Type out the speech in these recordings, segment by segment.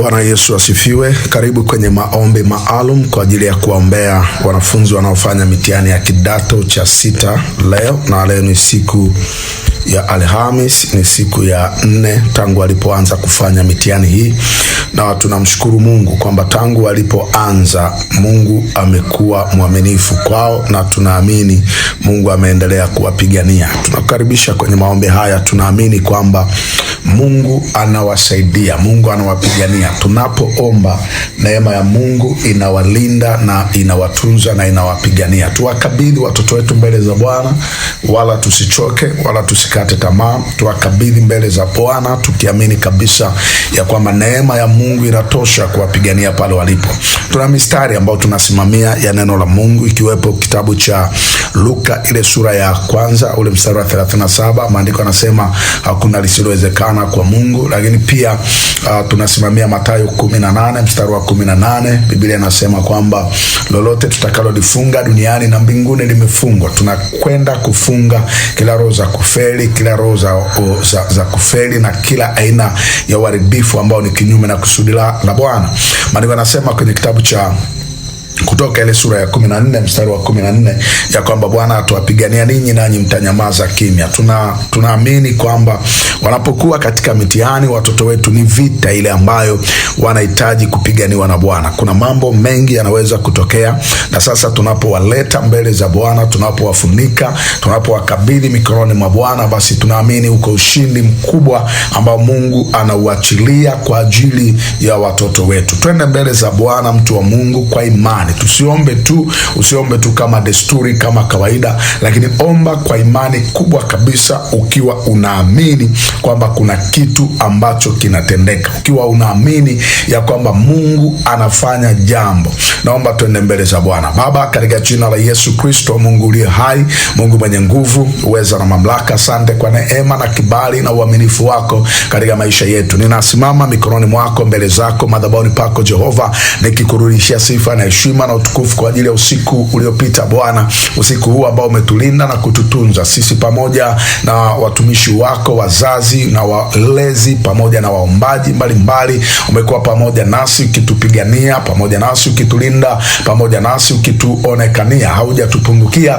Bwana Yesu asifiwe. Karibu kwenye maombi maalum kwa ajili ya kuwaombea wanafunzi wanaofanya mitihani ya kidato cha sita leo, na leo ni siku ya Alhamis, ni siku ya nne tangu alipoanza kufanya mitihani hii, na tunamshukuru Mungu kwamba tangu walipoanza Mungu amekuwa mwaminifu kwao, na tunaamini Mungu ameendelea kuwapigania. Tunakukaribisha kwenye maombi haya, tunaamini kwamba Mungu anawasaidia, Mungu anawapigania. Tunapoomba neema ya Mungu inawalinda na inawatunza na inawapigania. Tuwakabidhi watoto wetu mbele za Bwana, wala tusichoke wala tusi tusikate tamaa, tuwakabidhi mbele za Bwana tukiamini kabisa ya kwamba neema ya Mungu inatosha kuwapigania pale walipo. Tuna mistari ambayo tunasimamia ya neno la Mungu, ikiwepo kitabu cha Luka ile sura ya kwanza ule mstari wa 37, maandiko yanasema hakuna lisilowezekana kwa Mungu. Lakini pia uh, tunasimamia Mathayo 18 mstari wa 18, Biblia inasema kwamba lolote tutakalolifunga duniani na mbinguni limefungwa. Tunakwenda kufunga kila roho za kufeli kufeli kila roho za, za, za kufeli na kila aina ya uharibifu ambao ni kinyume na kusudi la Bwana. Maandiko yanasema kwenye kitabu cha kutoka ile sura ya kumi na nne mstari wa kumi na nne ya kwamba Bwana atawapigania ninyi nanyi mtanyamaza kimya. Tuna tunaamini kwamba Wanapokuwa katika mitihani, watoto wetu, ni vita ile ambayo wanahitaji kupiganiwa na Bwana. Kuna mambo mengi yanaweza kutokea, na sasa tunapowaleta mbele za Bwana, tunapowafunika, tunapowakabidhi mikononi mwa Bwana, basi tunaamini uko ushindi mkubwa ambao Mungu anauachilia kwa ajili ya watoto wetu. Twende mbele za Bwana, mtu wa Mungu, kwa imani. Tusiombe tu, usiombe tu kama desturi, kama kawaida, lakini omba kwa imani kubwa kabisa, ukiwa unaamini kwamba kuna kitu ambacho kinatendeka, ukiwa unaamini ya kwamba Mungu anafanya jambo. Naomba tuende mbele za Bwana. Baba, katika jina la Yesu Kristo, Mungu uliye hai, Mungu mwenye nguvu, uweza na mamlaka, asante kwa neema na kibali na uaminifu wako katika maisha yetu. Ninasimama mikononi mwako, mbele zako, madhabahuni pako Jehova, nikikurudishia sifa na heshima na utukufu kwa ajili ya usiku uliopita Bwana, usiku huu ambao umetulinda na kututunza sisi pamoja na watumishi wako wazazi wazazi na walezi pamoja na waombaji mbalimbali. Umekuwa pamoja nasi ukitupigania, pamoja nasi ukitulinda, pamoja nasi ukituonekania, haujatupungukia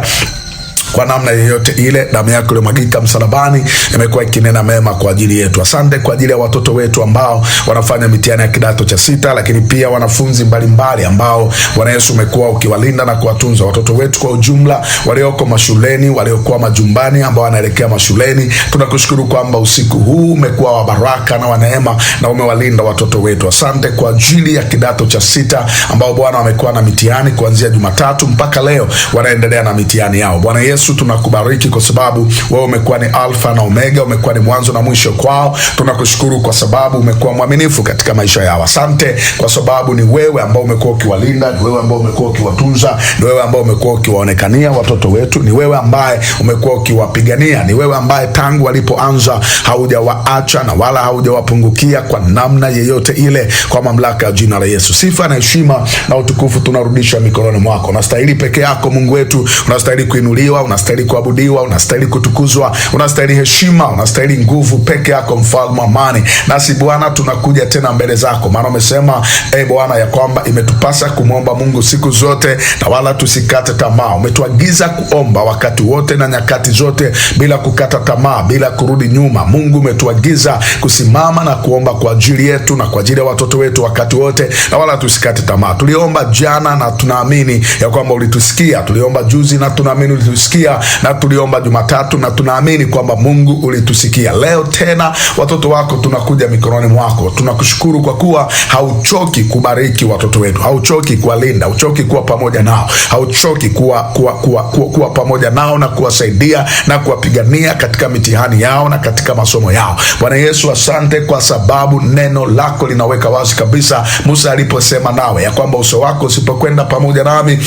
kwa namna yoyote ile. Damu yako iliyomwagika msalabani imekuwa ikinena mema kwa ajili yetu. Asante kwa ajili ya watoto wetu ambao wanafanya mitihani ya kidato cha sita, lakini pia wanafunzi mbalimbali ambao Bwana Yesu umekuwa ukiwalinda na kuwatunza watoto wetu kwa ujumla, walioko mashuleni, waliokuwa majumbani, ambao wanaelekea mashuleni. Tunakushukuru kwamba usiku huu umekuwa wa baraka na wa neema na umewalinda watoto wetu. Asante kwa ajili ya kidato cha sita ambao Bwana wamekuwa na mitihani kuanzia Jumatatu mpaka leo, wanaendelea na mitihani yao Bwana Yesu Yesu, tunakubariki kwa sababu wewe umekuwa ni Alfa na Omega, umekuwa ni mwanzo na mwisho kwao. Tunakushukuru kwa sababu umekuwa mwaminifu katika maisha yao. Asante kwa sababu ni wewe ambao umekuwa ukiwalinda, ni wewe ambao umekuwa ukiwatunza, ni wewe ambao umekuwa ukiwaonekania watoto wetu, ni wewe ambaye umekuwa ukiwapigania, ni wewe ambaye tangu walipoanza haujawaacha na wala haujawapungukia kwa namna yeyote ile. Kwa mamlaka ya jina la Yesu, sifa na heshima na utukufu tunarudisha mikononi mwako. Unastahili peke yako Mungu wetu, unastahili kuinuliwa unastahili kuabudiwa, unastahili kutukuzwa, unastahili heshima, unastahili nguvu peke yako, mfalme amani. Nasi Bwana tunakuja tena mbele zako, maana umesema e Bwana ya kwamba imetupasa kumwomba Mungu siku zote na wala tusikate tamaa. Umetuagiza kuomba wakati wote na nyakati zote bila kukata tamaa, bila kurudi nyuma. Mungu umetuagiza kusimama na kuomba kwa ajili yetu na kwa ajili ya watoto wetu wakati wote na wala tusikate tamaa. Tuliomba jana na tunaamini ya kwamba ulitusikia, tuliomba juzi na tunaamini ulitusikia tulisikia na tuliomba Jumatatu, na tunaamini kwamba Mungu ulitusikia. Leo tena watoto wako tunakuja mikononi mwako. Tunakushukuru kwa kuwa hauchoki kubariki watoto wetu, hauchoki kuwalinda, hauchoki kuwa pamoja nao, hauchoki kuwa, kuwa, kuwa, kuwa, kuwa pamoja nao na kuwasaidia na kuwapigania katika mitihani yao na katika masomo yao. Bwana Yesu, asante kwa sababu neno lako linaweka wazi kabisa Musa aliposema nawe ya kwamba uso wako usipokwenda pamoja nami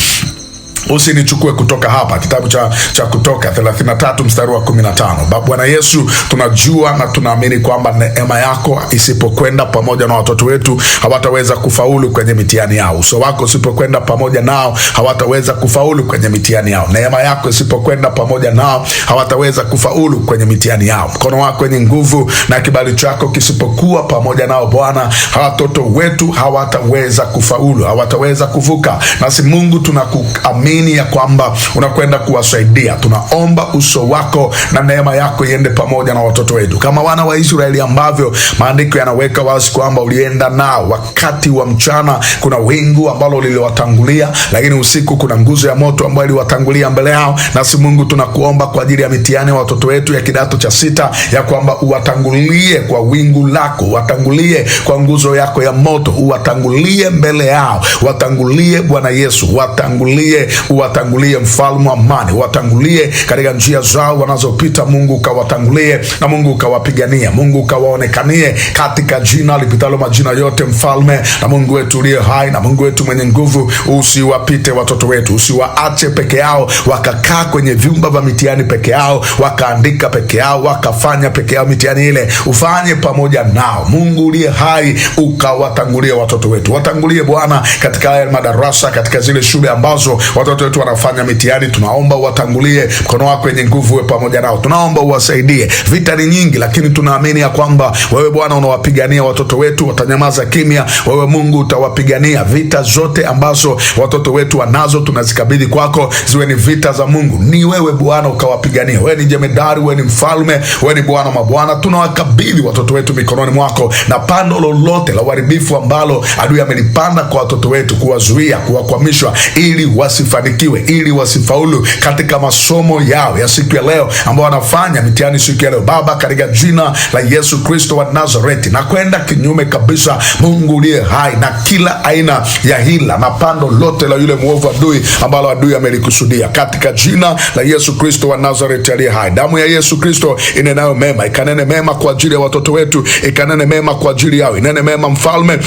usinichukue kutoka hapa. Kitabu cha, cha Kutoka 33 mstari wa 15. Bwana Yesu, tunajua na tunaamini kwamba neema yako isipokwenda pamoja na watoto wetu hawataweza kufaulu kwenye mitihani yao. Uso wako usipokwenda pamoja nao hawataweza kufaulu kwenye mitihani yao. Neema yako isipokwenda pamoja nao hawataweza kufaulu kwenye mitihani yao. Mkono wako wenye nguvu na kibali chako kisipokuwa pamoja nao, Bwana, watoto wetu hawataweza kufaulu, hawataweza kuvuka. Nasi Mungu tunakuamini tunaamini ya kwamba unakwenda kuwasaidia. Tunaomba uso wako na neema yako iende pamoja na watoto wetu kama wana wa Israeli ambavyo maandiko yanaweka wazi kwamba ulienda nao wakati wa mchana, kuna wingu ambalo liliwatangulia, lakini usiku kuna nguzo ya moto ambayo iliwatangulia mbele yao. Nasi Mungu tunakuomba kwa ajili ya mitihani ya watoto wetu ya kidato cha sita, ya kwamba uwatangulie kwa wingu lako, uwatangulie kwa nguzo yako ya moto, uwatangulie mbele yao, watangulie Bwana Yesu, watangulie uwatangulie mfalme amani, uwatangulie katika njia zao wanazopita. Mungu ukawatangulie na Mungu ukawapigania, Mungu ukawaonekanie katika jina lipitalo majina yote, mfalme na Mungu wetu uliye hai na Mungu wetu mwenye nguvu, usiwapite watoto wetu, usiwaache peke yao wakakaa kwenye vyumba vya mitihani peke yao, wakaandika peke yao, wakafanya peke yao mitihani ile, ufanye pamoja nao. Mungu uliye hai ukawatangulie watoto wetu, watangulie Bwana katika haya madarasa, katika zile shule ambazo watoto watoto wetu wanafanya mitihani, tunaomba uwatangulie, mkono wako wenye nguvu uwe pamoja nao, tunaomba uwasaidie. Vita ni nyingi, lakini tunaamini ya kwamba wewe Bwana unawapigania watoto wetu, watanyamaza kimya. Wewe Mungu utawapigania vita zote ambazo watoto wetu wanazo, tunazikabidhi kwako, ziwe ni vita za Mungu. Ni wewe Bwana ukawapigania. Wewe ni jemedari, wewe ni mfalme, wewe ni Bwana mabwana. Tunawakabidhi watoto wetu mikononi mwako, na pando lolote la uharibifu ambalo adui amelipanda kwa watoto wetu, kuwazuia, kuwakwamishwa ili wasif wafanikiwe ili wasifaulu katika masomo yao ya siku ya leo ambao wanafanya mitihani siku ya leo. Baba, katika jina la Yesu Kristo wa Nazareti, na kwenda kinyume kabisa, Mungu uliye hai na kila aina ya hila na pando lote la yule mwovu adui ambalo adui amelikusudia katika jina la Yesu Kristo wa Nazareti aliye hai. Damu ya Yesu Kristo inenayo mema, ikanene mema kwa ajili ya watoto wetu, ikanene mema kwa ajili yao, inene mema Mfalme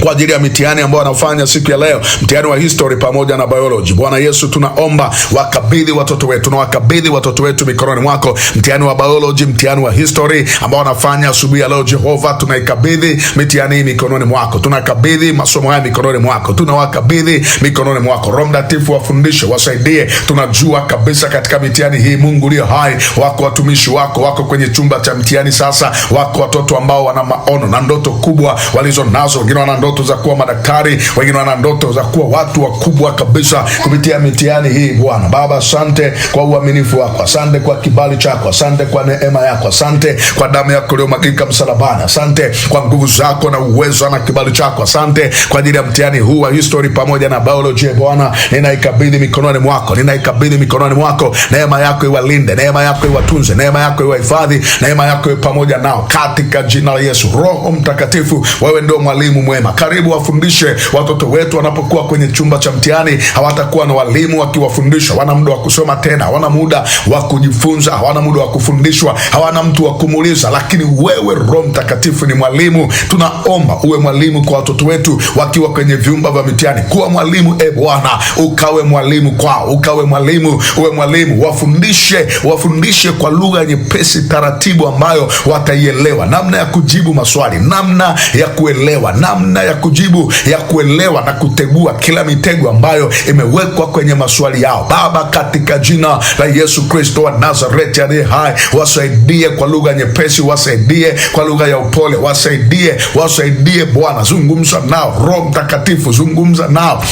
kwa ajili ya mitihani ambayo anafanya siku ya leo, mtihani wa history pamoja na biology. Bwana Yesu, tunaomba wakabidhi watoto wetu na wakabidhi watoto wetu mikononi mwako, mtihani wa biology, mtihani wa history ambao anafanya asubuhi ya leo. Jehova, tunaikabidhi mitihani hii mikononi mwako, tunakabidhi masomo haya mikononi mwako, tunawakabidhi mikononi mwako. Roho Mtakatifu, wafundishe, wasaidie. Tunajua kabisa katika mitihani hii, Mungu ulio hai, wako watumishi wako, wako kwenye chumba cha mtihani sasa, wako watoto ambao wana maono na ndoto kubwa walizo nazo, wengine wana ndoto za kuwa madaktari, wengine wana ndoto za kuwa watu wakubwa kabisa kupitia mitihani hii. Bwana Baba, asante kwa uaminifu wako, asante kwa kibali chako, asante kwa neema yako, asante kwa damu yako iliyomwagika msalabani, asante kwa nguvu zako na uwezo na kibali chako, asante kwa ajili ya mtihani huu wa history pamoja na biology. Bwana, ninaikabidhi mikononi mwako, ninaikabidhi mikononi mwako. Neema yako iwalinde, neema yako iwatunze, neema yako iwahifadhi, neema yako iwe pamoja nao katika jina la Yesu. Roho Mtakatifu, wewe ndio mwalimu mwema karibu wafundishe watoto wetu. Wanapokuwa kwenye chumba cha mtihani, hawatakuwa na walimu wakiwafundisha. Hawana muda wa kusoma tena, hawana muda wa kujifunza, hawana muda wa kufundishwa, hawana mtu wa kumuuliza. Lakini wewe, Roho Mtakatifu, ni mwalimu. Tunaomba uwe mwalimu kwa watoto wetu wakiwa kwenye vyumba vya mitihani. Kuwa mwalimu, e Bwana, ukawe mwalimu kwao, ukawe mwalimu, uwe mwalimu, wafundishe, wafundishe kwa lugha nyepesi, taratibu ambayo wataielewa, namna ya kujibu maswali, namna ya kuelewa, namna ya kujibu, ya kuelewa na kutegua kila mitego ambayo imewekwa kwenye maswali yao. Baba, katika jina la Yesu Kristo wa Nazareti aliye hai, wasaidie kwa lugha nyepesi, wasaidie kwa lugha ya upole, wasaidie, wasaidie Bwana, zungumza nao. Roho Mtakatifu, zungumza nao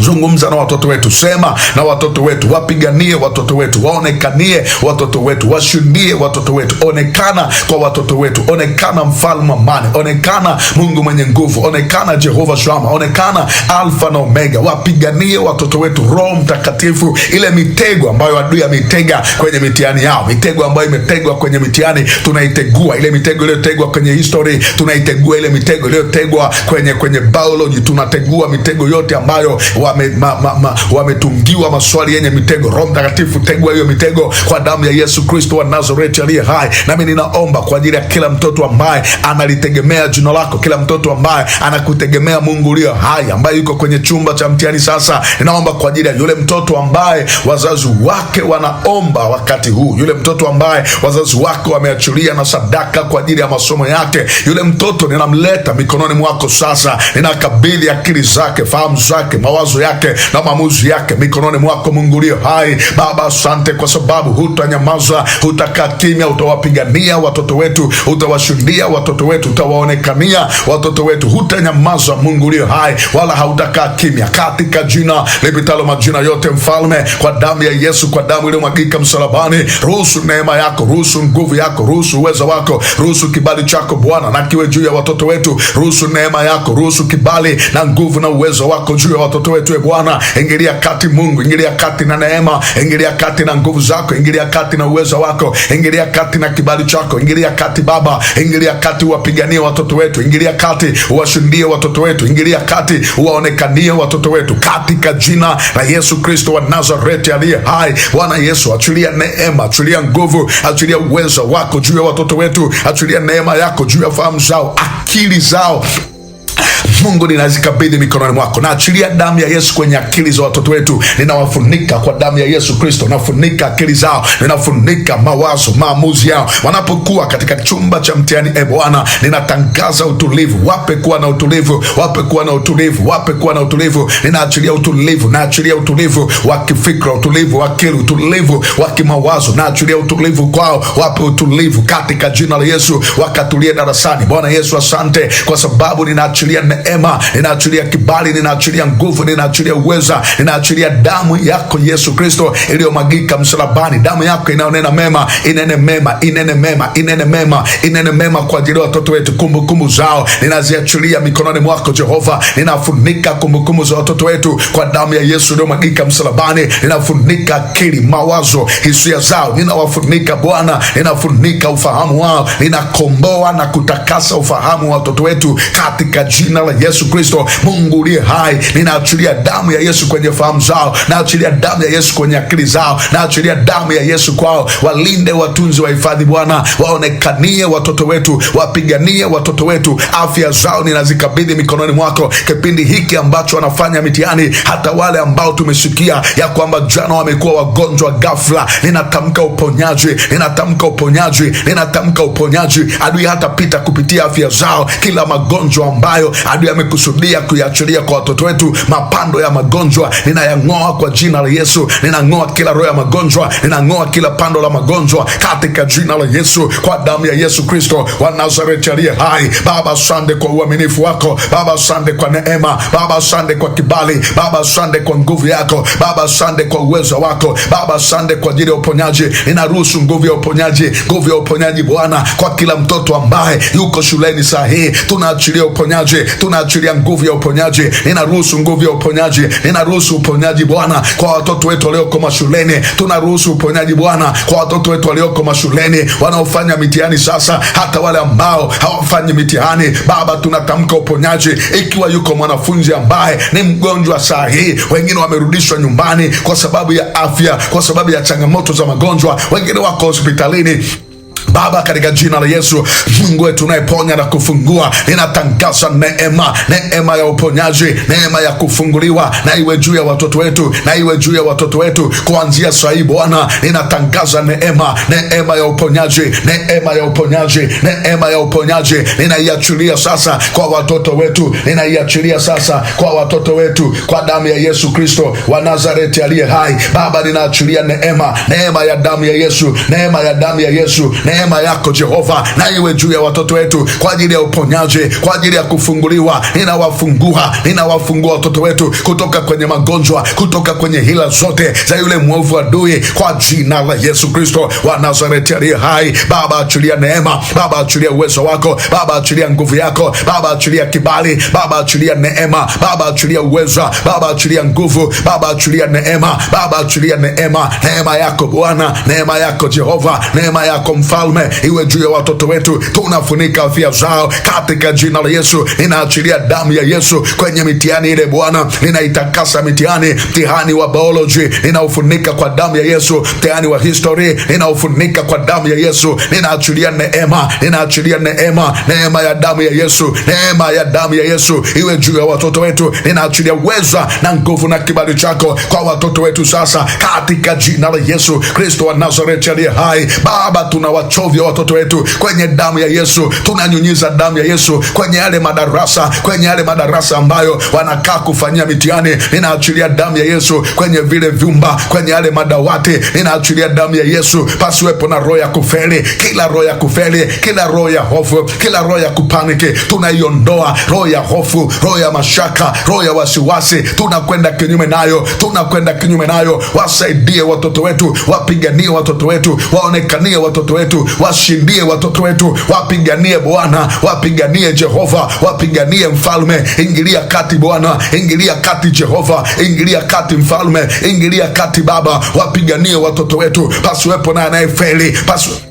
Zungumza na watoto wetu, sema na watoto wetu, wapiganie watoto wetu, waonekanie watoto wetu, washundie watoto wetu. Onekana kwa watoto wetu, onekana mfalme amani, onekana Mungu mwenye nguvu, onekana Jehova Shama, onekana Alfa na Omega. Wapiganie watoto wetu, Roho Mtakatifu, ile mitego ambayo adui ametega kwenye mitihani yao, mitego ambayo imetegwa kwenye mitihani tunaitegua, ile mitego iliyotegwa kwenye history tunaitegua, ile mitego iliyotegwa kwenye kwenye biology tunategua, mitego yote ambayo wa wametungiwa ma, ma, wame maswali yenye mitego. Roho Mtakatifu, tegua hiyo mitego kwa damu ya Yesu Kristo wa Nazareti aliye hai. Nami ninaomba kwa ajili ya kila mtoto ambaye analitegemea jina lako, kila mtoto ambaye anakutegemea Mungu ulio hai, ambaye yuko kwenye chumba cha mtihani sasa. Ninaomba kwa ajili ya yule mtoto ambaye wazazi wake wanaomba wakati huu, yule mtoto ambaye wazazi wake wameachilia na sadaka kwa ajili ya masomo yake, yule mtoto ninamleta mikononi mwako sasa. Ninakabidhi akili zake, fahamu zake, mawazo mawazo yake na maamuzi yake mikononi mwako Mungu ulio hai. Baba, asante kwa sababu hutanyamaza, hutakaa kimya, utawapigania watoto wetu, utawashundia watoto wetu, utawaonekania watoto wetu, hutanyamaza Mungu ulio hai, wala hautakaa kimya, katika jina lipitalo majina yote, Mfalme, kwa damu ya Yesu, kwa damu iliyomwagika msalabani, ruhusu neema yako, ruhusu nguvu yako, ruhusu uwezo wako, ruhusu kibali chako Bwana na kiwe juu ya watoto wetu, ruhusu neema yako, ruhusu kibali na nguvu na uwezo wako juu ya watoto wetu yetu. E Bwana, ingilia kati Mungu, ingilia kati na neema, ingilia kati na nguvu zako, ingilia kati na uwezo wako, ingilia kati na kibali chako, ingilia kati Baba, ingilia kati, uwapiganie watoto wetu, ingilia kati, uwashindie watoto wetu, ingilia kati, uwaonekanie watoto wetu, katika jina la Yesu Kristo wa Nazareti aliye hai. Bwana Yesu, achilia neema, achilia nguvu, achilia uwezo wako juu ya watoto wetu, achilia neema yako juu ya fahamu zao, akili zao Mungu ninazikabidhi mikononi mwako, naachilia damu ya Yesu kwenye akili za watoto wetu, ninawafunika kwa damu ya Yesu Kristo, nafunika akili zao, ninafunika mawazo, maamuzi yao wanapokuwa katika chumba cha mtihani. E Bwana, ninatangaza utulivu, wape kuwa na utulivu, wape kuwa na utulivu, wape kuwa na utulivu. Ninaachilia utulivu, naachilia utulivu wa kifikra, utulivu wa akili, utulivu wa kimawazo, naachilia utulivu kwao, wape utulivu katika jina la Yesu, wakatulie darasani. Bwana Yesu, asante kwa sababu ninaachilia ninaachilia neema, ninaachilia kibali, ninaachilia nguvu, ninaachilia uweza, ninaachilia damu yako Yesu Kristo iliyomwagika msalabani. Damu yako inaonena mema, inene mema, inene mema, inene mema, inene mema kwa ajili ya watoto wetu. Kumbukumbu zao ninaziachilia mikononi mwako Jehova, ninafunika kumbukumbu za watoto wetu kwa damu ya Yesu iliyomwagika msalabani. Ninafunika akili, mawazo, hisia zao, ninawafunika Bwana, ninafunika ufahamu wao, ninakomboa na kutakasa ufahamu wa watoto wetu katika jina la Yesu Kristo. Mungu uliye hai, ninaachilia damu ya Yesu kwenye fahamu zao, naachilia damu ya Yesu kwenye akili zao, naachilia damu ya Yesu kwao. Walinde watunzi, wahifadhi Bwana, waonekanie watoto wetu, wapiganie watoto wetu. Afya zao ninazikabidhi mikononi mwako, kipindi hiki ambacho wanafanya mitihani, hata wale ambao tumesikia ya kwamba jana wamekuwa wagonjwa ghafla, ninatamka uponyaji, ninatamka uponyaji, ninatamka uponyaji. Adui hatapita kupitia afya zao, kila magonjwa ambayo ambayo adui amekusudia kuyachilia kwa watoto wetu, mapando ya magonjwa ninayang'oa kwa jina la Yesu. Ninang'oa kila roho ya magonjwa, ninang'oa kila pando la magonjwa katika jina la Yesu, kwa damu ya Yesu Kristo wa Nazareti aliye hai. Baba, asante kwa uaminifu wako Baba, asante kwa neema Baba, asante kwa kibali Baba, asante kwa nguvu yako Baba, asante kwa uwezo wako Baba, asante kwa ajili ya uponyaji. Ninaruhusu nguvu ya uponyaji, nguvu ya uponyaji Bwana, kwa kila mtoto ambaye yuko shuleni saa hii, tunaachilia uponyaji uponyaji, tunaachilia nguvu ya uponyaji. Ninaruhusu nguvu ya uponyaji, ninaruhusu uponyaji Bwana kwa watoto wetu walioko mashuleni, tunaruhusu uponyaji Bwana kwa watoto wetu walioko mashuleni wanaofanya mitihani sasa, hata wale ambao hawafanyi mitihani. Baba, tunatamka uponyaji. Ikiwa yuko mwanafunzi ambaye ni mgonjwa saa hii, wengine wamerudishwa nyumbani kwa sababu ya afya, kwa sababu ya changamoto za magonjwa, wengine wako hospitalini Baba, katika jina la Yesu, Mungu wetu unayeponya na kufungua, ninatangaza neema, neema ya uponyaji, neema ya kufunguliwa, na iwe juu ya watoto wetu, na iwe juu ya watoto wetu kuanzia sahii Bwana, ninatangaza neema, neema ya uponyaji, neema ya uponyaji, neema ya uponyaji, ninaiachilia sasa kwa watoto wetu, ninaiachilia sasa kwa watoto wetu, kwa damu ya Yesu Kristo wa Nazareti aliye hai. Baba, ninaachilia neema, neema ya damu ya Yesu, neema ya damu ya Yesu, neema Neema yako Jehova na iwe juu ya watoto wetu kwa ajili ya uponyaji, kwa ajili ya kufunguliwa. Ninawafungua, ninawafungua watoto wetu kutoka kwenye magonjwa, kutoka kwenye hila zote za yule mwovu adui, kwa jina la Yesu Kristo wa Nazareti aliye hai. Baba, achilia neema, Baba, achilia uwezo wako, Baba, achilia nguvu yako, Baba, achilia kibali, Baba, achilia neema, Baba, achilia uwezo, Baba, achilia nguvu, Baba, achilia neema, Baba, achilia neema, neema yako Bwana, neema yako Jehova, neema yako mfalme ufalme iwe juu ya watoto wetu. Tunafunika afya zao katika jina la Yesu. Ninaachilia damu ya Yesu kwenye mitihani ile, Bwana, ninaitakasa mitihani. Mtihani wa biology ninaufunika kwa damu ya Yesu. Mtihani wa history ninaufunika kwa damu ya Yesu. Ninaachilia neema, ninaachilia neema, neema ya damu ya Yesu, neema ya damu ya Yesu iwe juu ya watoto wetu. Ninaachilia uweza na nguvu na kibali chako kwa watoto wetu sasa, katika jina la Yesu Kristo wa Nazareti aliye hai. Baba tunawa vituo vya watoto wetu kwenye damu ya Yesu. Tunanyunyiza damu ya Yesu kwenye yale madarasa, kwenye yale madarasa ambayo wanakaa kufanyia mitihani. Ninaachilia damu ya Yesu kwenye vile vyumba, kwenye yale madawati. Ninaachilia damu ya Yesu, pasiwepo na roho ya kufeli, kila roho ya kufeli, kila roho ya hofu, kila roho ya kupaniki, tunaiondoa roho ya hofu, roho ya mashaka, roho ya wasiwasi, tunakwenda kinyume nayo, tunakwenda kinyume nayo. Wasaidie watoto wetu, wapiganie watoto wetu, waonekanie watoto wetu washindie watoto wetu, wapiganie Bwana, wapiganie Jehova, wapiganie mfalme. Ingilia kati Bwana, ingilia kati Jehova, ingilia kati mfalme, ingilia kati Baba, wapiganie watoto wetu, pasiwepo naye anayefeli, pasiwepo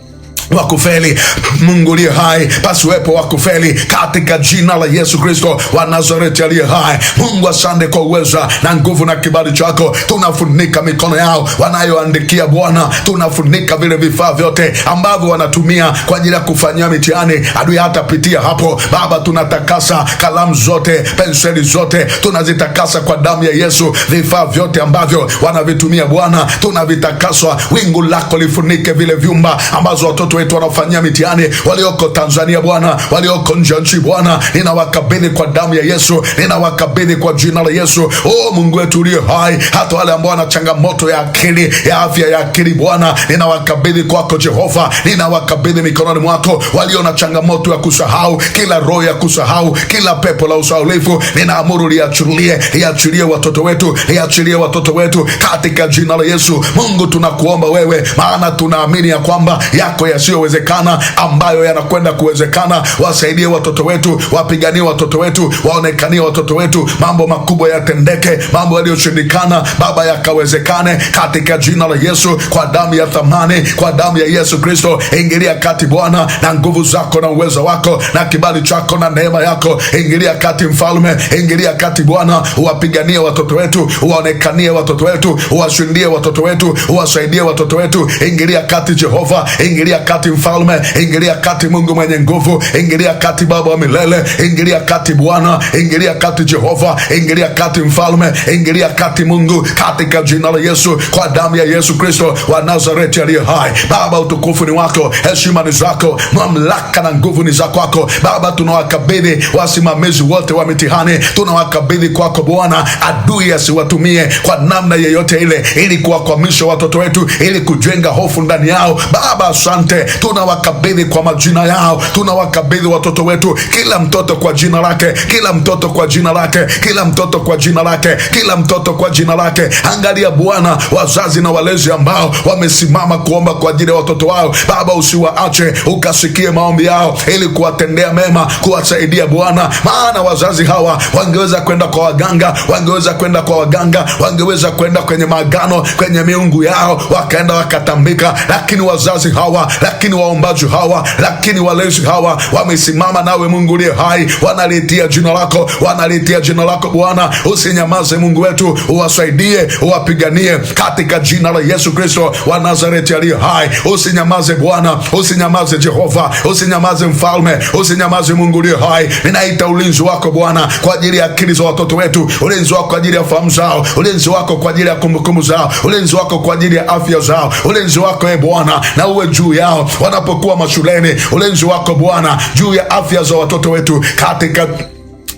wakufeli. Mungu liye hai pasiwepo wakufeli, katika jina la Yesu Kristo wa Nazareti aliye hai. Mungu, asande kwa uweza na nguvu na kibali chako. Tunafunika mikono yao wanayoandikia Bwana, tunafunika vile vifaa vyote ambavyo wanatumia kwa ajili ya kufanyia mitihani. Adui hatapitia hapo Baba, tunatakasa kalamu zote, penseli zote tunazitakasa kwa damu ya Yesu. Vifaa vyote ambavyo wanavitumia Bwana tunavitakaswa. Wingu lako lifunike vile vyumba ambazo watoto wetu wanaofanyia mitihani walioko Tanzania Bwana, walioko nje ya nchi Bwana, ninawakabidhi kwa damu ya Yesu, ninawakabidhi kwa jina la Yesu. O Mungu wetu uliye hai, hata wale ambao wana changamoto ya akili ya afya ya akili Bwana, ninawakabidhi kwako Jehova, ninawakabidhi mikononi mwako. Walio na changamoto ya kusahau, kila roho ya kusahau, kila pepo la usahaulifu, ninaamuru liachilie, liachilie watoto wetu, liachilie watoto wetu katika jina la Yesu. Mungu, tunakuomba wewe, maana tunaamini ya kwamba yako ya yasiyowezekana ambayo yanakwenda kuwezekana. Wasaidie watoto wetu, wapiganie watoto wetu, waonekanie watoto wetu, mambo makubwa yatendeke, mambo yaliyoshindikana Baba yakawezekane, katika jina la Yesu, kwa damu ya thamani, kwa damu ya Yesu Kristo. Ingilia kati Bwana na nguvu zako na uwezo wako na kibali chako na neema yako, ingilia kati Mfalme, ingilia kati Bwana, uwapiganie watoto wetu, uwaonekanie watoto wetu, uwashindie watoto wetu, uwasaidie watoto wetu, ingilia kati Jehova, ingilia kati kati mfalme, ingilia kati Mungu mwenye nguvu, ingilia kati Baba wa milele, ingilia kati Bwana, ingilia kati Jehova, ingilia kati mfalme, ingilia kati Mungu, katika jina la Yesu, kwa damu ya Yesu Kristo wa Nazareti aliye hai. Baba, utukufu ni wako, heshima ni zako, mamlaka na nguvu ni za kwako Baba. Tunawakabidhi wasimamizi wote wa mitihani, tunawakabidhi kwako Bwana, adui asiwatumie kwa namna yeyote ile, ili kuwakwamisha watoto wetu, ili kujenga hofu ndani yao. Baba, asante tunawakabidhi kwa majina yao, tunawakabidhi watoto wetu, kila mtoto kwa jina lake, kila mtoto kwa jina lake, kila mtoto kwa jina lake, kila mtoto kwa jina lake. Angalia Bwana, wazazi na walezi ambao wamesimama kuomba kwa ajili ya watoto wao, Baba usiwaache, ukasikie maombi yao ili kuwatendea mema, kuwasaidia Bwana, maana wazazi hawa wangeweza kwenda kwa waganga, wangeweza kwenda kwa waganga, wangeweza kwenda kwenye maagano, kwenye miungu yao, wakaenda wakatambika, lakini wazazi hawa lakini lakini waombaji hawa, lakini walezi hawa wamesimama nawe, Mungu uliye hai, wanalitia jina lako, wanalitia jina lako Bwana. Usinyamaze Mungu wetu, uwasaidie, uwapiganie katika jina la Yesu Kristo wa Nazareti aliye hai. Usinyamaze Bwana, usinyamaze Jehova, usinyamaze Mfalme, usinyamaze Mungu uliye hai. Ninaita ulinzi wako Bwana kwa ajili ya akili za watoto wetu, ulinzi wako kwa ajili ya fahamu zao, ulinzi wako kwa ajili ya kumbukumbu zao, ulinzi wako kwa ajili ya afya zao, ulinzi wako e Bwana na uwe juu yao wanapokuwa mashuleni, ulinzi wako Bwana juu ya afya za watoto wetu katika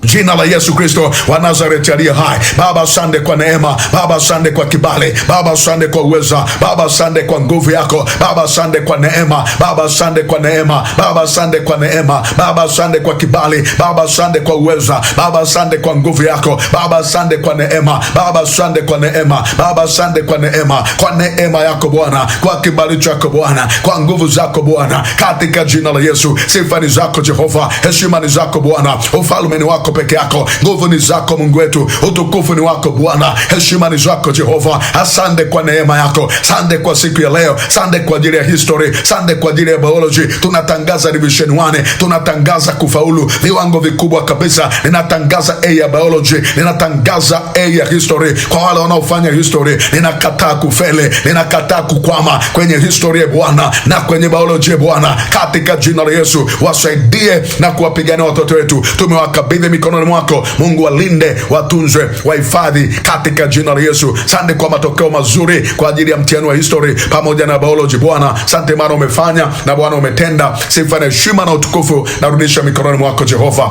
Jina la Yesu Kristo wa Nazareti aliye hai. Baba, sande kwa neema. Baba, sande kwa kibali. Baba, sande kwa uweza. Baba, sande kwa nguvu yako. Baba, sande kwa neema. Baba, sande kwa neema. Baba, sande kwa neema. Baba, sande kwa kibali. Baba, sande kwa uweza. Baba, sande kwa nguvu yako. Baba, sande kwa neema. Baba, sande kwa neema. Baba, sande kwa neema, kwa neema yako Bwana, kwa kibali chako Bwana, kwa nguvu zako Bwana, katika jina la Yesu. Sifa ni zako Jehova, heshima ni zako Bwana, ufalme ni wako wako peke yako. Nguvu ni zako Mungu wetu, utukufu ni wako Bwana, heshima ni zako Jehova. Asante kwa neema yako, sande kwa siku ya leo, sande kwa ajili ya history, sande kwa ajili ya biology. Tunatangaza division tunatangaza kufaulu viwango vikubwa kabisa. Ninatangaza A ya biology, ninatangaza A ya history. Kwa wale wanaofanya history, ninakataa kufele, ninakataa kukwama kwenye historia Bwana na kwenye biology Bwana, katika jina la Yesu wasaidie na kuwapigania watoto wetu, tumewakabidhi mikononi mwako. Mungu walinde, watunzwe, wahifadhi katika jina la Yesu. Sante kwa matokeo mazuri kwa ajili ya mtihani wa history pamoja na biology. Bwana sante, maana umefanya na Bwana umetenda. Sifa na heshima na utukufu narudisha mikononi mwako Jehova.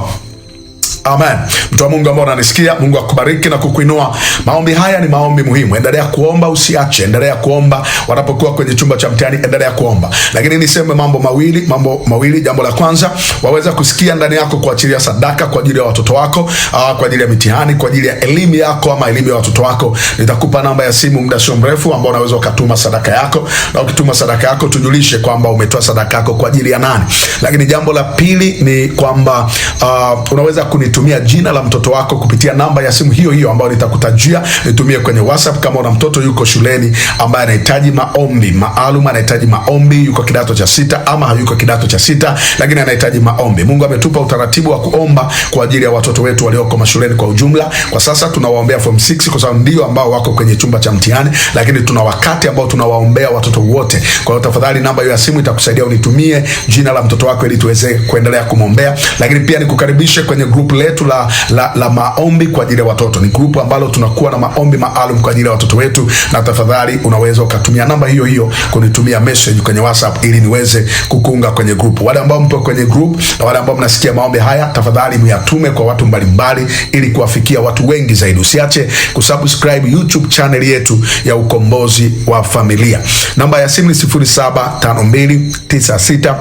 Amen. Mtu wa Mungu ambao unanisikia, Mungu akubariki na kukuinua. Maombi haya ni maombi muhimu. Endelea kuomba, usiache. Endelea kuomba wanapokuwa kwenye chumba cha mtihani, endelea kuomba. Lakini niseme mambo mawili, mambo mawili. Jambo la kwanza, waweza kusikia ndani yako kuachilia sadaka kwa ajili ya watoto wako, aa, ah, kwa ajili ya mitihani, kwa ajili ya elimu yako ama elimu ya watoto wako. Nitakupa namba ya simu muda sio mrefu, ambao unaweza ukatuma sadaka yako, na ukituma sadaka yako tujulishe kwamba umetoa sadaka yako kwa ajili ya nani. Lakini jambo la pili ni kwamba uh, unaweza kuni tumia jina la mtoto wako kupitia namba ya simu hiyo hiyo ambayo nitakutajia. Nitumie kwenye WhatsApp kama una mtoto yuko shuleni ambaye anahitaji maombi maalum, anahitaji maombi, yuko kidato cha sita ama hayuko kidato cha sita, lakini anahitaji maombi. Mungu ametupa utaratibu wa kuomba kwa ajili ya watoto wetu walioko mashuleni kwa ujumla. Kwa sasa tunawaombea form 6 kwa sababu ndio ambao wako kwenye chumba cha mtihani, lakini tuna wakati ambao tunawaombea watoto wote. Kwa hiyo tafadhali, namba hiyo ya simu itakusaidia, unitumie jina la mtoto wako ili tuweze kuendelea kumwombea, lakini pia nikukaribishe kwenye group letu letu la, la, la maombi kwa ajili ya watoto. Ni grupu ambalo tunakuwa na maombi maalum kwa ajili ya watoto wetu, na tafadhali unaweza ukatumia namba hiyo hiyo kunitumia message kwenye WhatsApp ili niweze kukunga kwenye grupu. Wale ambao mpo kwenye grupu na wale ambao mnasikia maombi haya, tafadhali myatume kwa watu mbalimbali ili kuwafikia watu wengi zaidi. Usiache kusubscribe YouTube channel yetu ya Ukombozi wa Familia. Namba ya simu ni 0752966389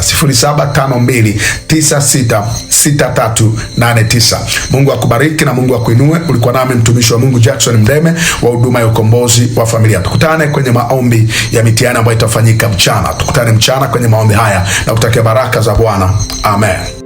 075296 6389. Mungu akubariki na Mungu akuinue. Ulikuwa nami mtumishi wa Mungu Jackson mdeme wa huduma ya ukombozi wa familia. Tukutane kwenye maombi ya mitihani ambayo itafanyika mchana. Tukutane mchana kwenye maombi haya na kutakia baraka za Bwana. Amen.